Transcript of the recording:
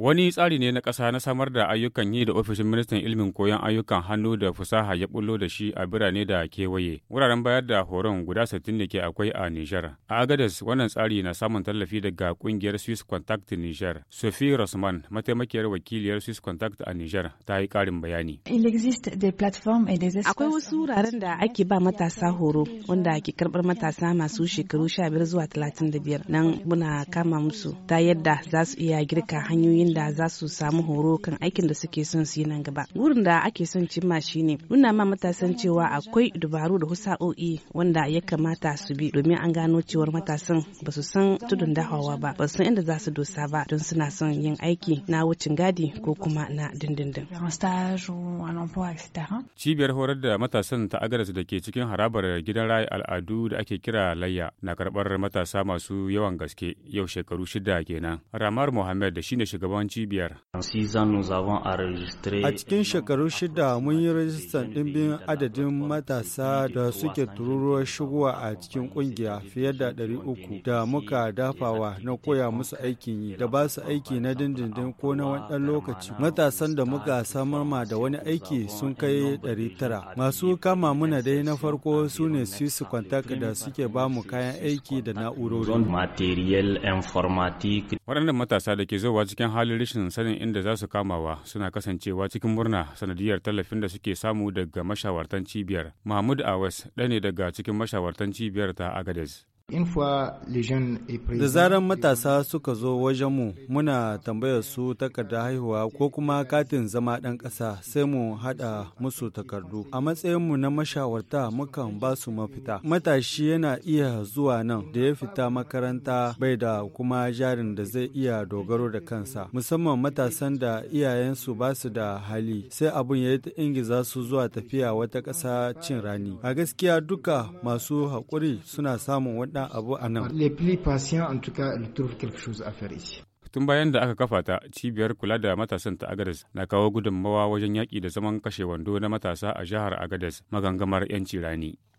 Wani tsari ne na ƙasa na samar da ayyukan yi da ofishin ministan ilimin koyon ayyukan hannu da fusaha ya bullo da shi a birane da kewaye. Wuraren bayar da horon guda 60 da ke akwai a Nijar. A Agadez wannan tsari na samun tallafi daga kungiyar Swiss Contact Nijar. Sophie Rosman, mataimakiyar wakiliyar Swiss Contact a Nijar, ta yi ƙarin bayani. Akwai wasu wuraren da ake ba matasa horo wanda ake karɓar matasa masu shekaru 15 zuwa 35 nan muna kama musu ta yadda za su iya girka hanyoyin da za su samu horo kan aikin da suke son su yi nan gaba wurin da ake son cimma shine nuna ma matasan cewa akwai dubaru da husa'o'i wanda ya kamata su bi domin an gano cewar matasan ba su san tudun dahawa ba ba san inda za su dosa ba don suna son yin aiki na wucin gadi ko kuma na dindindin cibiyar horar da matasan ta agres da ke cikin harabar gidan raya al'adu da ake kira layya na karbar matasa masu yawan gaske yau shekaru shida kenan ramar mohammed da shine shugaban shugaban cibiyar. A cikin shekaru shida mun yi rajistan ɗimbin adadin matasa da suke tururuwar shigowa a cikin ƙungiya fiye da 300 da muka dafawa na koya musu aikin yi da ba su aiki na dindindin ko na wani ɗan lokaci. Matasan da muka samar ma da wani aiki sun kai 900. Masu kama muna dai na farko su ne su kwantaka da suke ba mu kayan aiki da na'urori. Waɗannan matasa da ke zowa cikin halin rashin sanin inda za su kamawa suna kasancewa cikin murna sanadiyar tallafin da suke samu daga mashawartan cibiyar. Mahmud Awes ɗaya ne daga cikin mashawartan cibiyar ta Agadez. Da zarar matasa suka zo wajen mu muna tambayar su takardar haihuwa ko kuma katin zama ɗan ƙasa sai mu haɗa musu takardu. A matsayinmu na mashawarta mukan ba su mafita. Matashi yana iya zuwa nan da ya fita makaranta bai da kuma jarin da zai iya dogaro da kansa. Musamman matasan da iyayensu ba su da hali sai abun ya yi ingiza su zuwa tafiya wata ƙasa cin rani. A gaskiya duka masu haƙuri suna samun waɗanda ɗan abu a nan. Tun bayan da aka kafa ta, cibiyar kula da matasan ta Agadez na kawo gudunmawa wajen yaƙi da zaman kashe wando na matasa a jihar Agadez magangamar 'yanci rani.